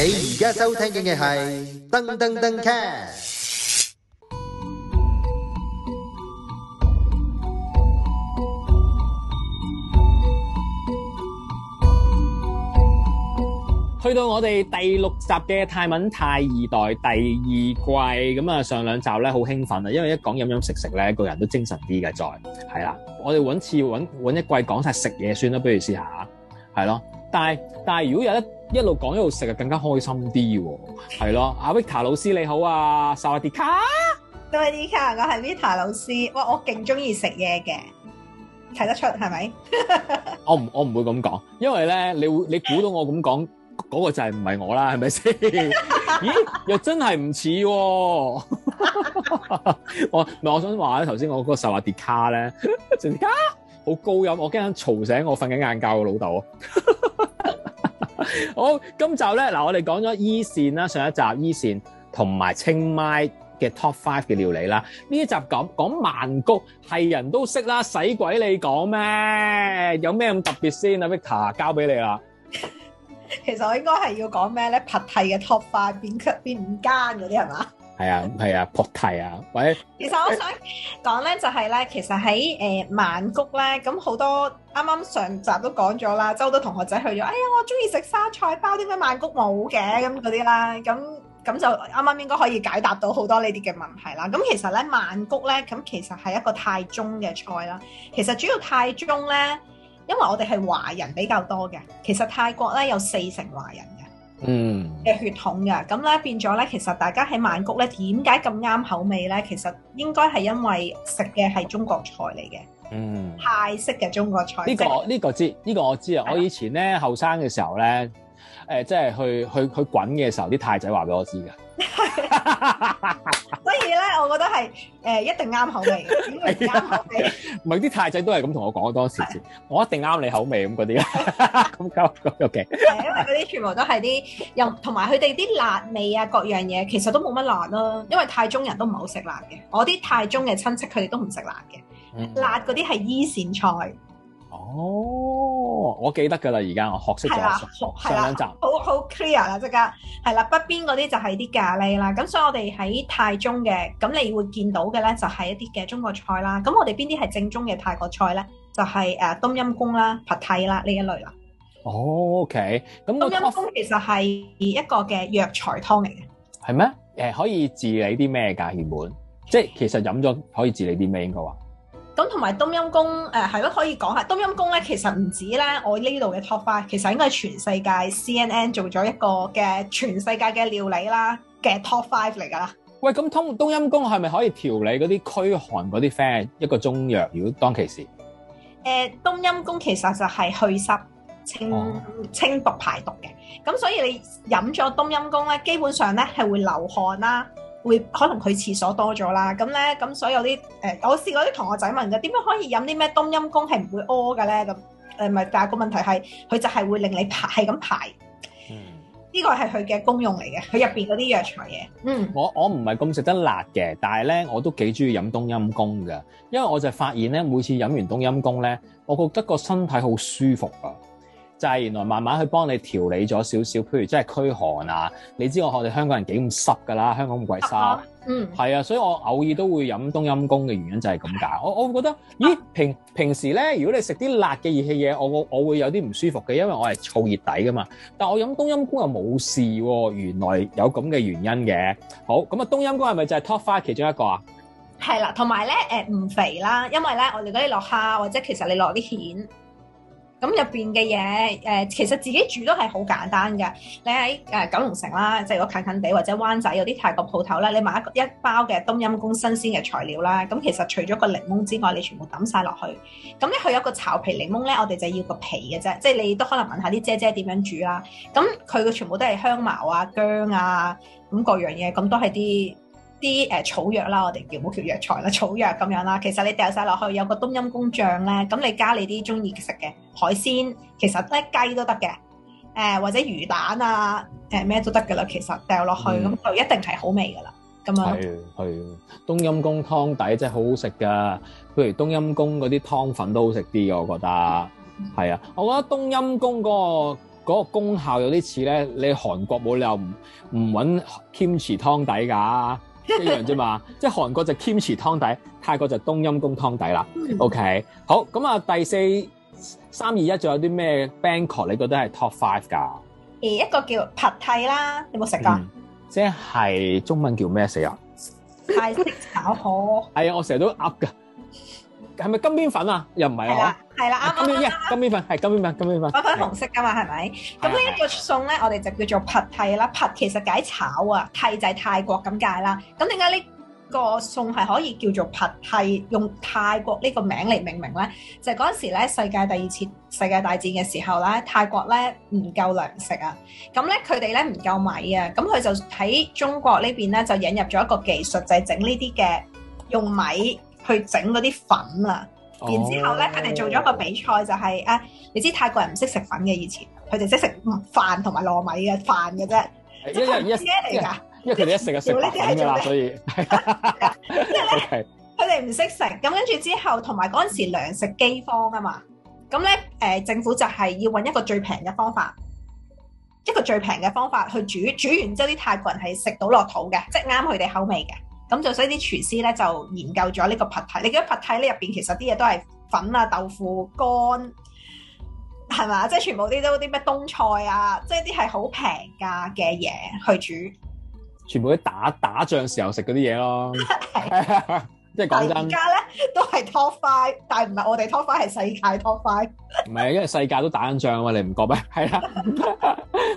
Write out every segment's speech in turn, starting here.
你而家收聽嘅係噔噔噔 cast。去到我哋第六集嘅泰文泰二代第二季，咁啊上兩集咧好興奮啊，因為一講飲飲食食咧個人都精神啲嘅再係啦。我哋搵次搵搵一季講晒食嘢算啦，不如試下係咯。但係但係，如果有得一路講一路食，就更加開心啲喎、哦。係咯，阿、啊、Vita 老師你好啊，薩瓦迪卡！對，啲卡，我係 Vita 老師。哇，我勁鍾意食嘢嘅，睇得出係咪 ？我唔我唔會咁講，因為咧你會你估到我咁講嗰個就係唔係我啦，係咪先？ 咦？又真係唔似喎。我唔係、啊、我想話咧，頭先我嗰個薩瓦迪卡咧，成家好高音，我驚吵醒我瞓緊晏覺嘅老豆。爸爸 好，今集咧嗱，我哋講咗伊善啦，上一集伊善同埋清邁嘅 Top Five 嘅料理啦。呢一集講，講曼谷係人都識啦，使鬼你講咩？有咩咁特別先啊？Victor 交俾你啦。其實我應該係要講咩咧？扒替嘅 Top Five 邊出邊五間嗰啲係嘛？係啊，係啊，撲題啊！喂，其實我想講咧，就係咧，其實喺誒、呃、曼谷咧，咁好多啱啱上集都講咗啦，即好多同學仔去咗，哎呀，我中意食沙菜包，點解曼谷冇嘅咁嗰啲啦？咁咁就啱啱應該可以解答到好多呢啲嘅問題啦。咁其實咧，曼谷咧，咁其實係一個泰中嘅菜啦。其實主要泰中咧，因為我哋係華人比較多嘅，其實泰國咧有四成華人。嗯嘅血統噶，咁咧變咗咧，其實大家喺曼谷咧，點解咁啱口味咧？其實應該係因為食嘅係中國菜嚟嘅，嗯、泰式嘅中國菜。呢個呢個知，呢、就是、個我知啊！的我以前咧後生嘅時候咧，誒、呃，即、就、係、是、去去去滾嘅時候，啲泰仔話俾我知嘅。 所以咧，我覺得係誒、呃、一定啱口味，因為啱口味。唔係啲泰仔都係咁同我講多時，我一定啱你口味咁嗰啲。咁交咁有勁。因為嗰啲 全部都係啲又同埋佢哋啲辣味啊，各樣嘢其實都冇乜辣咯、啊。因為泰中人都唔好食辣嘅，我啲泰中嘅親戚佢哋都唔食辣嘅，辣嗰啲係伊善菜。哦，我記得噶啦，而家我學識咗，係啦，上兩集，好好 clear 啦，即刻，係啦，北邊嗰啲就係啲咖喱啦。咁所以我哋喺泰中嘅，咁你會見到嘅咧就係一啲嘅中國菜啦。咁我哋邊啲係正宗嘅泰國菜咧？就係、是、誒冬陰功啦、Pad Thai 啦呢一類啦、哦。OK，咁冬陰功其實係一個嘅藥材湯嚟嘅。係咩？誒、呃、可以治理啲咩嘅原本，即係其實飲咗可以治理啲咩應該話？咁同埋冬陰功，誒係咯，可以講下冬陰功咧，其實唔止咧，我呢度嘅 top five，其實應該係全世界 CNN 做咗一個嘅全世界嘅料理啦嘅 top five 嚟㗎啦。喂，咁冬冬陰功係咪可以調理嗰啲驅寒嗰啲 friend 一個中藥？如果當其時，誒、呃、冬陰功其實就係祛濕、清、哦、清毒、排毒嘅，咁所以你飲咗冬陰功咧，基本上咧係會流汗啦。會可能佢廁所多咗啦，咁咧咁所以有啲誒、呃，我試過啲同學仔問嘅，點樣可以飲啲咩冬陰功係唔會屙嘅咧？咁誒咪，但、那、係個問題係佢就係會令你排，係咁排。呢個係佢嘅功用嚟嘅，佢入邊嗰啲藥材嘢。嗯，我我唔係咁食得辣嘅，但係咧我都幾中意飲冬陰功嘅，因為我就發現咧每次飲完冬陰功咧，我覺得個身體好舒服啊。就係原來慢慢去幫你調理咗少少，譬如即係驅寒啊！你知我我哋香港人幾咁濕噶啦，香港咁鬼濕，嗯、uh，係、huh. mm hmm. 啊，所以我偶爾都會飲冬陰功嘅原因就係咁解。我我覺得，咦，平平時咧，如果你食啲辣嘅熱氣嘢，我我會有啲唔舒服嘅，因為我係燥熱底噶嘛。但我飲冬陰功又冇事喎，原來有咁嘅原因嘅。好，咁啊，冬陰功係咪就係 top five 其中一個啊？係啦、啊，同埋咧，誒、呃、唔肥啦，因為咧，我哋嗰啲落蝦或者其實你落啲蜆。咁入邊嘅嘢，誒、呃、其實自己煮都係好簡單嘅。你喺誒、呃、九龍城啦，即係我近近地或者灣仔有啲泰國鋪頭啦，你買一個一包嘅冬陰功新鮮嘅材料啦。咁其實除咗個檸檬之外，你全部抌晒落去。咁咧佢有個草皮檸檬咧，我哋就要個皮嘅啫，即係你都可能問下啲姐姐點樣煮啦。咁佢嘅全部都係香茅啊、薑啊，咁各樣嘢，咁都係啲。啲誒草藥啦，我哋叫唔好叫藥材啦，草藥咁樣啦。其實你掉晒落去有個冬陰功醬咧，咁你加你啲中意食嘅海鮮，其實咧雞都得嘅，誒或者魚蛋啊，誒咩都得噶啦。其實掉落去咁、嗯、就一定係好味噶啦。咁樣係係冬陰功湯底真係好好食噶，譬如冬陰功嗰啲湯粉都好食啲嘅，我覺得係啊。我覺得冬陰功嗰個功效有啲似咧，你韓國冇理由唔唔揾謙池湯底㗎、啊。一樣啫嘛，即係韓國就 kimchi 湯底，泰國就冬陰功湯底啦。嗯、OK，好咁啊、嗯，第四三二一仲有啲咩 Bangkok？你覺得係 top five 噶？誒一個叫拍替啦，有冇食過？嗯、即係中文叫咩食啊？泰式炒河。係啊、 哎，我成日都噏噶。係咪金邊粉啊？又唔係啊？係啦，金邊邊耶金邊粉係金邊粉，金邊粉粉粉紅色噶嘛？係咪是的 的？咁呢一個餸咧，我哋就叫做匹替啦。匹其實解炒啊，替就係泰國咁解啦。咁點解呢個餸係可以叫做匹替？用泰國呢個名嚟命名咧，就係嗰陣時咧，世界第二次世界大戰嘅時候咧，泰國咧唔夠糧食啊，咁咧佢哋咧唔夠米啊，咁佢就喺中國呢邊咧就引入咗一個技術，就係整呢啲嘅用米。去整嗰啲粉啦，啊，然之後咧，佢哋做咗個比賽，就係，就係誒，你知泰國人唔識食粉嘅，以前佢哋識食飯同埋糯米嘅飯嘅啫，即係佢唔知呢啲咩嚟噶，因為佢哋一食嘅少啊嘛，所以係。佢哋唔識食，咁跟住之後，同埋嗰陣時糧食饑荒啊嘛，咁咧誒政府就係要揾一個最平嘅方法，一個最平嘅方法去煮，煮完之後啲泰國人係食到落肚嘅，即係啱佢哋口味嘅。咁就所以啲廚師咧就研究咗呢個 Pad Thai，你覺得 Pad Thai 呢入邊其實啲嘢都係粉啊、豆腐乾，係嘛？即係全部啲都啲咩冬菜啊，即係啲係好平價嘅嘢去煮，全部啲打打仗時候食嗰啲嘢咯。即係講真，而家咧都係 top five，但唔係我哋 top five，係世界 top five。唔 係，因為世界都打緊仗啊嘛，你唔覺咩？係啦。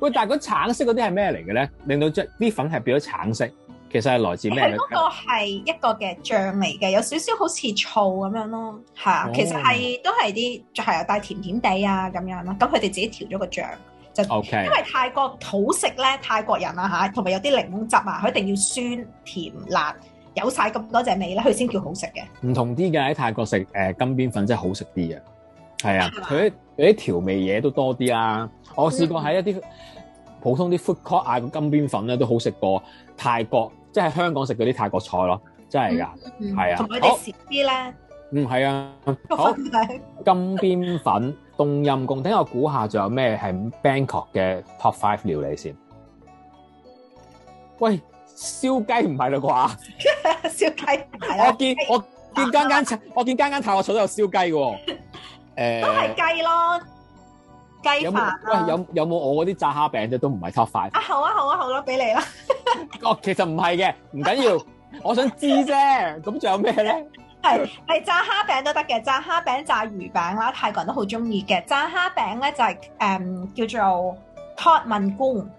喂，但係嗰橙色嗰啲係咩嚟嘅咧？令到即啲粉係變咗橙色。其實係來自咩？佢嗰個係一個嘅醬味嘅，有少少好似醋咁樣咯，係、啊哦、其實係都係啲就係又帶甜甜地啊咁樣啦。咁佢哋自己調咗個醬，就 OK。因為泰國好食咧，泰國人啊嚇，同埋有啲檸檬汁啊，佢一定要酸甜辣，有晒咁多隻味咧，佢先叫好食嘅。唔同啲嘅喺泰國食誒、呃、金邊粉真係好食啲嘅。係啊，佢啲吧、欸、調味嘢都多啲啦、啊。我試過喺一啲、嗯、普通啲 food court 嗌個金邊粉咧都好食過泰國。即係香港食嗰啲泰國菜咯，真係噶，係、嗯嗯、啊，好。少啲咧。唔係啊，金邊粉、冬陰功。等我估下，仲有咩係 Bangkok、ok、嘅 Top Five 料理先？喂，燒雞唔係啦啩？ 燒雞。我見、啊、我見我見間間、啊、我見間間泰國菜都有燒雞嘅、哦、喎。哎、都係雞咯。雞飯、啊啊喂喂。喂，有有冇我嗰啲炸蝦餅啫？都唔係 Top Five。啊好、嗯、啊好啊好啦，俾你啦。啊哦，其實唔係嘅，唔緊要，我想知啫。咁仲有咩咧？係係炸蝦餅都得嘅，炸蝦餅、炸魚餅啦，泰國人都好中意嘅。炸蝦餅咧就係、是、誒、嗯、叫做 top 文冠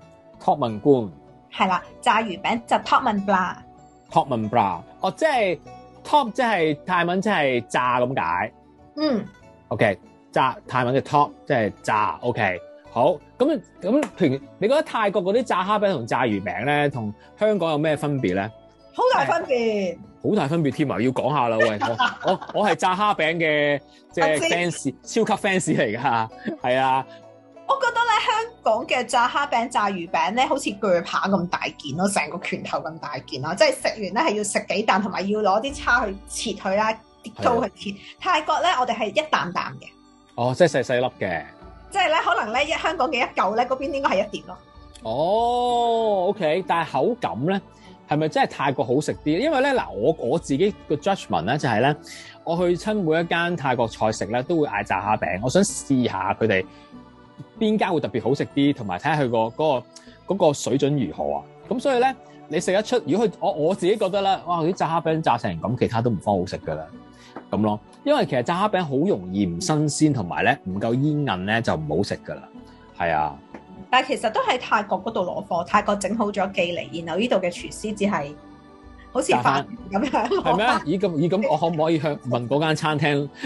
，top 文冠係啦，炸魚餅就 top 文 bra，top 文 bra。Bra, 哦，即係 top 即係泰文即係炸咁解。嗯，OK，炸泰文嘅 top 即係炸，OK。好咁咁，譬如你覺得泰國嗰啲炸蝦餅同炸魚餅咧，同香港有咩分別咧？好大分別，好大分別添啊！要講下啦，喂，我我係炸蝦餅嘅即係 fans，超級 fans 嚟噶，係啊！我覺得咧，香港嘅炸蝦餅、炸魚餅咧，好似鋸扒咁大件咯，成個拳頭咁大件咯，即係食完咧，係要食幾啖，同埋要攞啲叉去切佢啦，跌刀去切。泰國咧，我哋係一啖啖嘅，哦，即係細細粒嘅。即係咧，可能咧一香港嘅一嚿咧，嗰邊應該係一碟咯。哦，oh，OK，但係口感咧係咪真係泰國好食啲？因為咧嗱，我我自己個 judgement 咧就係、是、咧，我去親每一間泰國菜食咧，都會嗌炸蝦餅，我想試下佢哋邊間會特別好食啲，同埋睇下佢個嗰、嗰個嗰個水準如何啊。咁所以咧，你食得出如果佢我我自己覺得啦，哇啲炸蝦餅炸成咁，其他都唔方好食㗎喇，咁咯。因為其實炸蝦餅好容易唔新鮮，同埋咧唔夠煙韌咧就唔好食噶啦，係啊。但係其實都喺泰國嗰度攞貨，泰國整好咗寄嚟，然後呢度嘅廚師只係好似飯咁樣。係咩？咦咁咦咁，我可唔可以去問嗰間餐廳？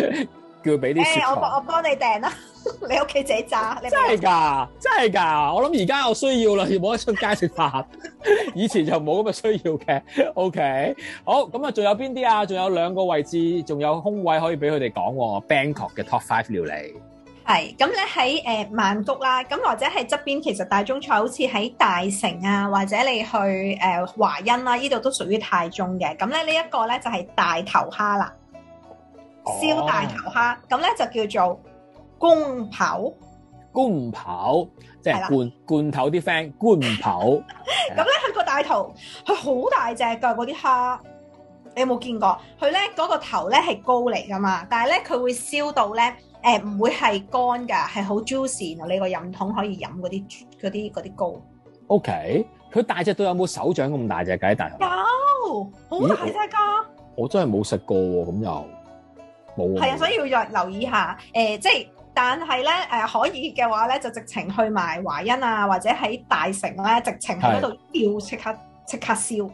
叫俾啲、欸、我我幫你訂啦。 你屋企自己炸，你 真係㗎，真係㗎。我諗而家我需要啦，要冇得出街食飯。 以前就冇咁嘅需要嘅。OK，好，咁啊，仲有邊啲啊？仲有兩個位置，仲有空位可以俾佢哋講喎。Bangkok、ok、嘅 Top Five 料理，係咁咧喺誒曼谷啦，咁或者係側邊，其實大中菜好似喺大城啊，或者你去誒、呃、華欣啦、啊，呢度都屬於泰中嘅。咁咧呢一個咧就係大頭蝦啦。燒大頭蝦咁咧就叫做公跑的，公跑即係罐罐頭啲 friend 官跑。咁咧個大頭佢好大隻，噶嗰啲蝦你有冇見過？佢咧嗰個頭咧係膏嚟噶嘛，但係咧佢會燒到咧，誒、呃，唔會係乾噶，係好 juicy，然後你個飲筒可以飲嗰啲啲啲膏。OK，佢大隻都有冇手掌咁大隻計？大有，好大隻噶。我真係冇食過咁又。係啊，所以要留意下，誒、呃，即係，但係咧，誒、呃，可以嘅話咧，就直情去埋華欣啊，或者喺大城咧、啊，直情喺嗰度釣，即刻即刻燒。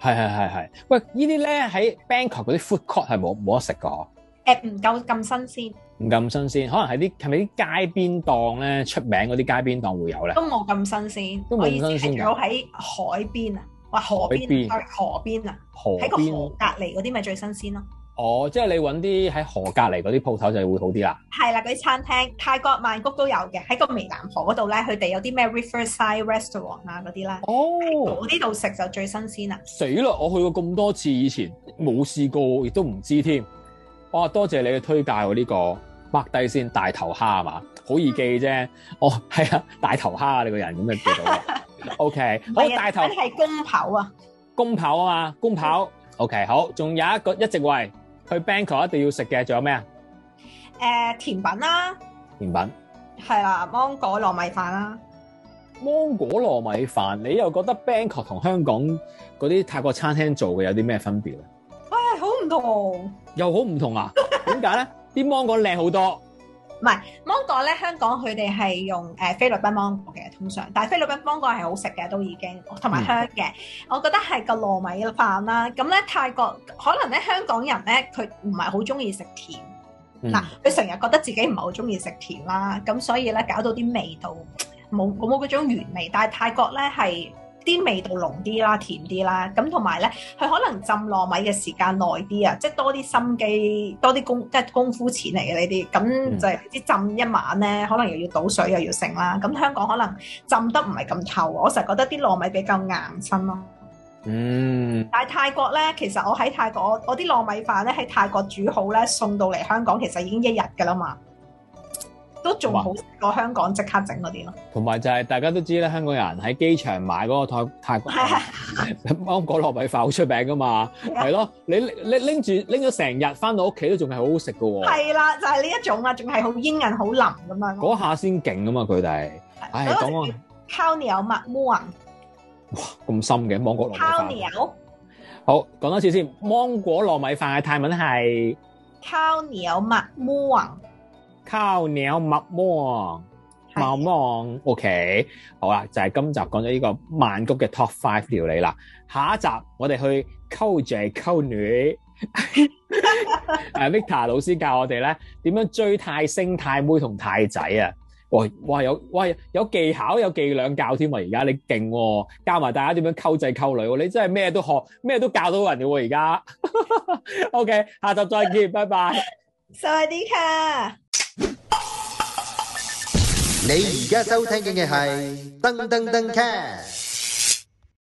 係係係係，喂，呢啲咧喺 Bangkok 嗰啲 food court 係冇冇得食噶？誒、呃，唔夠咁新鮮，唔夠咁新鮮，可能係啲係咪啲街邊檔咧出名嗰啲街邊檔會有咧？都冇咁新鮮，意思都冇咁新鮮嘅。有喺海邊啊，或河邊，河邊啊，喺邊個河隔離嗰啲咪最新鮮咯。哦，即係你揾啲喺河隔籬嗰啲鋪頭就會好啲啦。係啦，嗰啲餐廳泰國曼谷都有嘅，喺個湄南河嗰度咧，佢哋有啲咩 river side restaurant 啊嗰啲啦。哦，嗰啲度食就最新鮮啦。死啦！我去過咁多次，以前冇試過，亦都唔知添。哦，多謝你嘅推介喎！呢、這個 mark 低先，大頭蝦係嘛？好易記啫。嗯、哦，係啊，大頭蝦你個人咁樣記到。O、okay, K， 是好，大頭係公跑啊，啊，公跑啊嘛，公跑、嗯。O、okay, K，好，仲有一個一直喂。去 Bangkok 一定要食嘅，仲有咩啊？誒、呃，甜品啦、啊，甜品係啦、啊，芒果糯米飯啦、啊，芒果糯米飯，你又覺得 Bangkok 同香港嗰啲泰國餐廳做嘅有啲咩分別咧？唉、哎，好唔同，又好唔同啊？點解咧？啲芒果靚好多。唔係芒果咧，香港佢哋係用誒、呃、菲律賓芒果嘅，通常，但係菲律賓芒果係好食嘅，都已經同埋香嘅。嗯、我覺得係個糯米飯啦、啊。咁咧泰國可能咧香港人咧佢唔係好鍾意食甜，嗱佢成日覺得自己唔係好鍾意食甜啦，咁所以咧搞到啲味道冇冇冇嗰種原味。但係泰國咧係。啲味道濃啲啦，甜啲啦，咁同埋咧，佢可能浸糯米嘅時間耐啲啊，即係多啲心機，多啲工即係功夫錢嚟嘅呢啲。咁就係啲浸一晚咧，可能又要倒水又要剩啦。咁香港可能浸得唔係咁透，我成日覺得啲糯米比較硬身咯。嗯。但係泰國咧，其實我喺泰國，我啲糯米飯咧喺泰國煮好咧，送到嚟香港其實已經一日㗎啦嘛。都仲好食過香港即刻整嗰啲咯，同埋就係大家都知咧，香港人喺機場買嗰個泰泰國芒果糯米飯好出名噶嘛，係咯，你你拎住拎咗成日返到屋企都仲係好好食噶喎。係啦，就係呢一種啊，仲係好煙韌好腍咁啊。嗰下先勁啊嘛，佢哋。嗰個是 Kao Niao Ma Muang。哇，咁深嘅芒果糯米飯。好，講多次先，芒果糯米飯嘅泰文係 Kao Niao Ma Muang。烤鳥麥芒，麥芒是，OK，好啦，就係、是、今集講咗呢個曼谷嘅 Top Five 料理啦。下一集我哋去溝仔溝女，誒 ，Vicca 老師教我哋咧點樣追泰星、泰妹同泰仔啊！喂，哇有哇有技巧有伎倆教添嘛。而家你勁、啊，教埋大家點樣溝仔溝女，你真係咩都學咩都教到人了、啊。而 家，OK，下集再見，拜拜 Bye bye.。晒 v i 你而家收聽嘅係噔噔噔 cast。